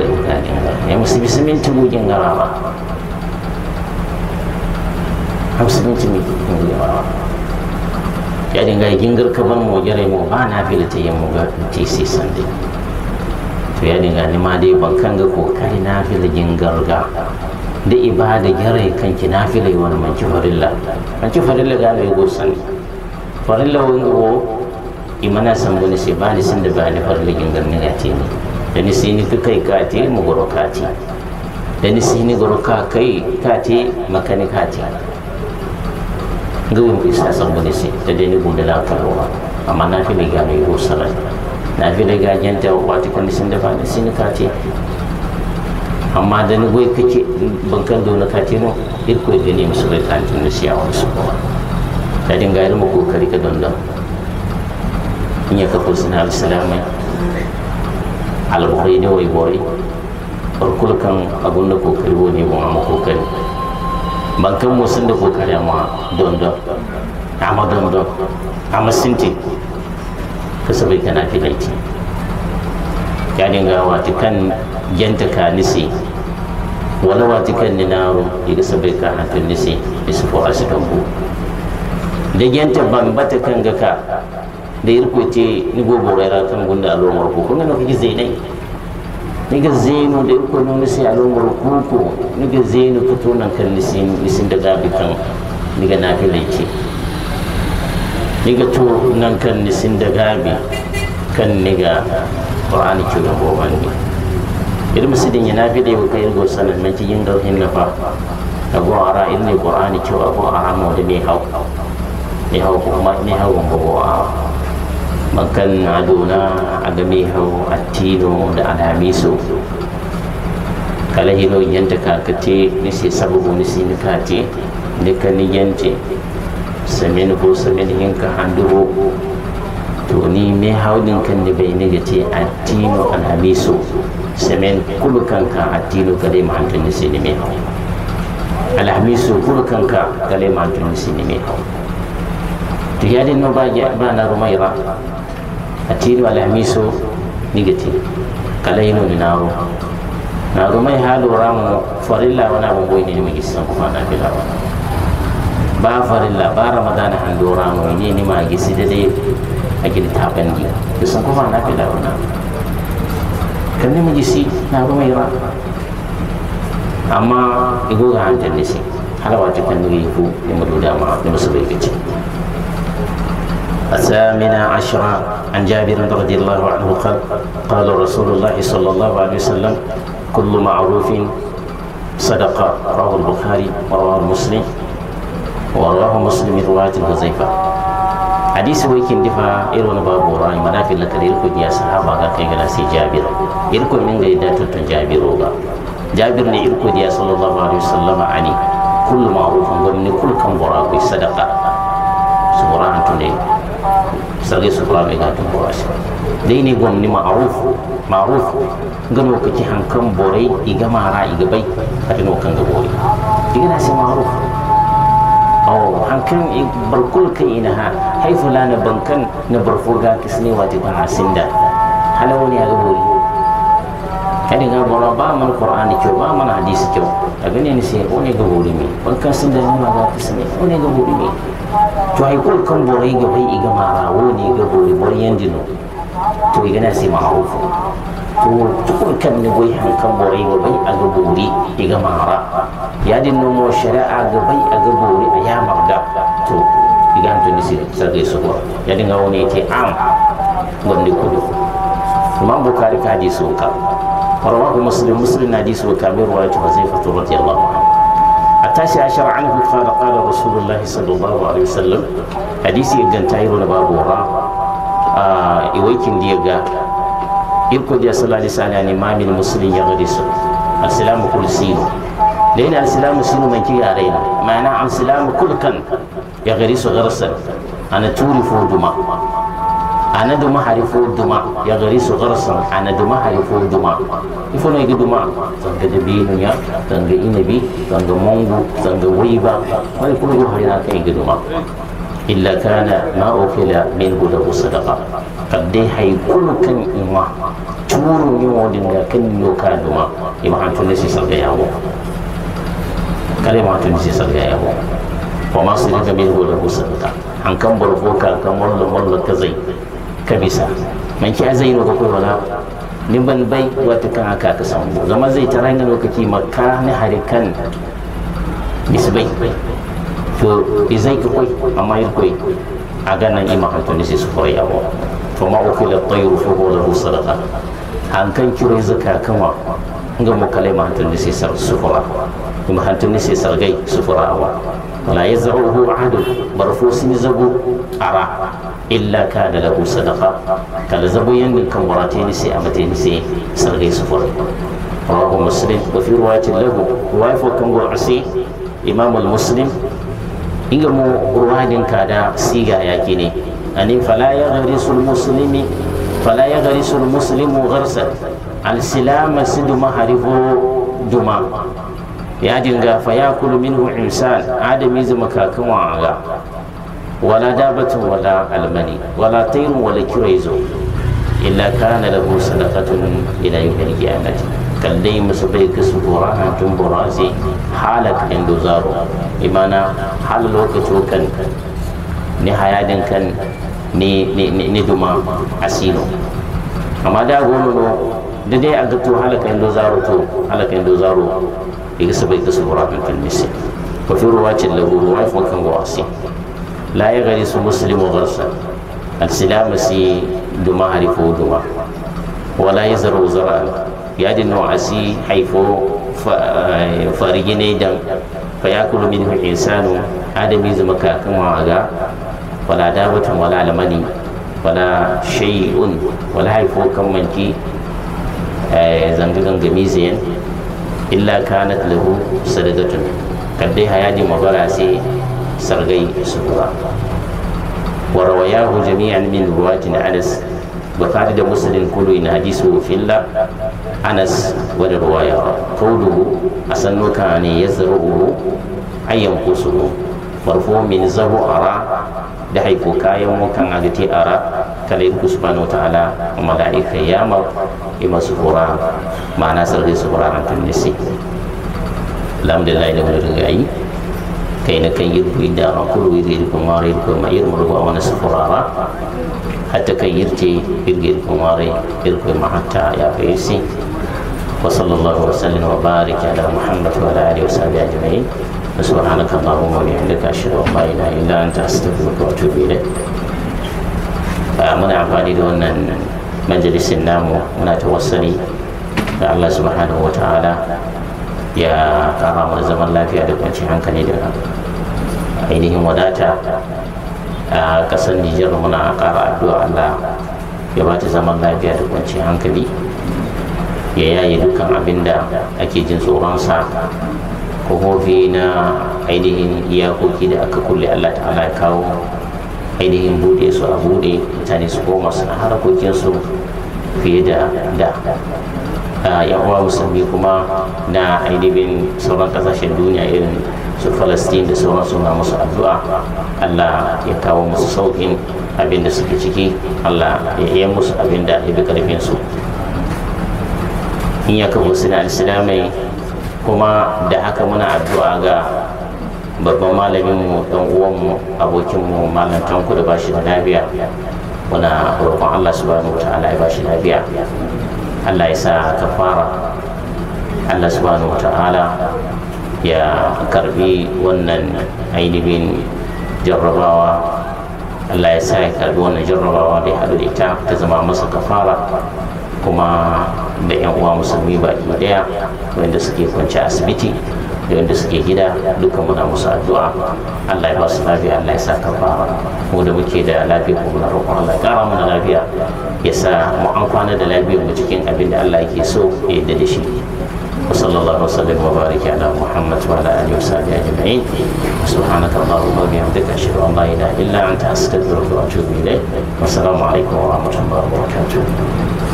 ɓoyukaɗingal yam so bismintimuƴingal awa ham so mintimuƴingal yaɗe ngay jingir kaban mo jare mo ba nafilata yammuga tisi sande to dinga nga ma de bankanga ko kari nafila jingarga da ibada jare kanki yi wani manci farilla manci farilla gano go sande farilla wongo imana ni se bani sinde bani farilla jingar nigati ni dani sini ka kai kati mu goro kati dani sini goro ka kai kati makani kati gawin bisa san bani si da dani gunda la karuwa amma na fi daga mai go sarai na fi daga janta wata kan sin da ba sini kati amma dani goy kake bankan dona kati no ikko gani musu bai kanti na siya wasu kowa da dinga yi mu kokari ka don in ya kafa suna alsalamai alborai da bori farkul kan abun da kokari wo ne bon amma kokari ban kan mu sun da kokari amma dondo amma dondo amma sinti kasabai kana filaiti ya dinga wata kan yanta ka nisi wala wata kan dinaro ya sabai ka hantun nisi isa fo asidan bu da yanta ban bata kan ga ka da irkwete igo borera tan gunda alo morko ko ngano ki Ni ga zeno da irko no ni sai alo morko ko ni ga ko to nan kan nisin nisin da gabi kan niga na fi Ni ga to nan kan nisin da gabi kan niga qur'ani ki da boban ni irin musidin yana fi da kai irgo sanan nan cikin yin dauhin na fa abu ara ne qur'ani ki abu ara mo da ne hau ne hau kuma ne hau gumbo ara makan aduna adamihu attino da alhamisu kala hino yanta kakati nisi sababu ni ka nisi nikati nika niyante samin ko samin hinka handuhu to ni me haudin kan da bai nigati attino alhamisu samin kulu kanka attino kale ma hankan nisi ni me hau alhamisu kulu kanka kale ma hankan nisi ne me hau to yadin no ba na rumaira atiru nigeti kala kalayinu ni naro naro mai halu ramu farilla wana bungo ni mi gisan ko fana bila ba farilla ba ramadana hando ramu ni ni ma gisi dai agin taban gi gisan ko fana bila wana kan ni mi gisi naro mai ra amma igoga hantan ni si halawati kan ni ko ni mu da ma ni musubai gici الثامنة عشرة عن جابر رضي الله عنه قال قال رسول الله صلى الله عليه وسلم كل معروف صدقة رواه البخاري ورواه مسلم ورواه مسلم رواية الغزيفة حديث ويكين دفا إلوان بابو راي منافي لك إلكو يا صحابة كيغلا سي جابر إلكو من غير داتو جابر الله جابر لي إلكو يا صلى الله عليه وسلم عني كل معروف ومنك lagi sekolah lagi ngatu puasa. Di ini gua ni ma'ruf, ma'ruf. Enggan gua kecil hangkem boleh, iga marah, iga baik, tapi gua kan boleh. Iga nasi ma'ruf. Oh, hangkem berkul ke ini ha? Hei fulan ne bangkan ne berfuga kesini waktu pun asinda. Halau ni aku boleh. Kan dengan berapa mana Quran cuba mana hadis cuba. Tapi ni ni siapa oh, ni gua boleh ni? Bangkan sendiri mana kesini? Oh ni gua boleh ni. to ay kul kan boray ga bai iga mara woni ga bori bor yandino to iga na sima hawfu to tukul kan ni boy han kan boray ga bai aga bori iga mara yadin no mo shari'a ga bai aga bori aya magda to iga to ni sirri ya yadin ga woni ke am gonde kudu imam bukhari ka ji so ka rawahu muslim muslim na ji so ka bi riwayat huzaifah radiyallahu anhu tashi ashar an fi kada kada rasulullahi sallallahu alaihi wasallam hadisi ya ganta yi wani babu wa a ah, iwaikin da ya ga irko da sallallahu alaihi wasallam ne mamin musulun ya gade su asilamu kul sino da yana asilamu sino man ki yare na ma'ana asilamu kan ya gare su garsan ana turi fuduma ana duma harifo duma ya gari su garsan ana duma harifo duma ifo na igi duma zanga dabinu ya zanga inabi zanga mango zanga waiba wani kuma yi harina kan igi duma illa kana ma okila min guda sadaka kadai hay kulu kan ima turu yi wadin da kan yi ka duma ima an da shi sarga yawo kare ma hantun da shi sarga yawo wa masu daga min guda sadaka an kan barfoka kan wallan wallan ka zai kabisa man ki azai no ko wala ni ban bai wata kan aka ka samu zama zai tara ni lokaci makka ni harikan bisbai to izai ka koi amma yar koi a ganan ima tuni sai su koi yawo to ma da tayru fi huwa lahu sadaqa hankan kiro zaka kanwa ga mu kalai ma hantoni sai su koi in sai sargai su sufurawa la ya yaz'uhu ahadun barfo sun zabu ara illa ka da lahu sadaqa kala zago yandin kan warateni sai ni sai sargai sufur rawahu muslim wa fi riwayatin lahu wa fa kan gurasi imam al muslim inga mu ruwanin da siga yake ne anin fala ya gharisul muslimi fala ya gharisul muslimu gharsan al silama sidu maharifu duma yadin ga fa yakulu minhu insan adami zama kakan wa'anga wala dabatun wala almani wala tayrun wala zo. illa kana lahu sadaqatun ila yawmil qiyamati kallai musu bai kasu bora an tun bora zai halak indo zaro imana hal lokacin kan ni hayadin kan ni ni duma asino amma da gono da dai a ga gato halaka indo zaro to halaka indo zaro يكسب يكسب رابع في المسجد وفي رواة له رواة وكان واسي لا يغرس مسلم غرسا السلام سي دما هرفو دما ولا يزرع زرعا يا دي نوع سي حيفو فرجيني دم فيأكل منه الإنسان آدم يزمكا كما أغا ولا دابة ولا لمني wala shay'un wala haifo kan manki zanga-zanga miziyan illa kanat lahu sadaqatun kadai hayadi magara sai sargai sutura wa rawayahu jami'an min ruwatin anas bukhari da muslim kullu in hadisu filla anas wa da ruwaya qawluhu asannu kana yazruhu ayyan kusuhu marfu min zahu ara da ko kayan wakan agati ara kala irku subhanahu ta'ala wa malaika yama ima suhura mana sarge suhura rantan nisi alhamdulillah ina wani ringayi kai na kan yirku inda ran kulu yiri irku mare irku ma irmu ruwa wani suhura hatta kan yirte irge irku mare irku ma hatta ya fayisi وصلى الله وسلم وبارك على محمد وعلى اله وصحبه اجمعين سبحانك اللهم وبحمدك أشهد أن لا إله إلا أنت أستغفرك وأتوب إليك muna amfani da wannan majalisin namu muna tawassali da Allah subhanahu wa ta'ala ya kara mana zaman lafiya da kwanci hankali da ainihin wadata a ah, kasar Nijar muna kara addu'a Allah ya bata zaman lafiya da kwanci hankali ya yaye dukkan abin da ake jin tsoron sa. kofofi na ainihin iyakoki da aka kulle allah ta'ala ya kawo ainihin bude su a bude mutane su koma suna harkokinsu fiye da da yawon musulmi kuma na ainihin sauran kasashen duniya irin su falastin da sauran suna musu addu'a allah ya kawo musu saukin abin da suke ciki allah ya yi musu abin da ya bi karfinsu in ya na suna mai kuma da haka muna addu'a ga babban malaminmu dan uwanmu abokinmu malam tanku da bashi da lafiya muna roƙon Allah subhanahu wataala ya bashi lafiya Allah ya sa kafara Allah subhanahu wataala ya karbi wannan ainihin jarrabawa Allah ya sa ya karbi wannan jarrabawa da ya haɗu da ita ta zama masa kafara kuma da yan uwa musulmi baki daya wanda suke kwanci asibiti da wanda suke gida duka muna musu addu'a Allah ya ba su lafiya Allah ya sa kafa mu da muke da lafiya ko kuma roƙon Allah ya kara mana lafiya ya sa mu an kwana da lafiyar mu cikin abin da Allah yake so ya yarda da shi وصلى الله وسلم وبارك على محمد وعلى اله وصحبه اجمعين سبحانك اللهم وبحمدك اشهد ان لا اله الا انت استغفرك واتوب اليك والسلام عليكم ورحمه الله وبركاته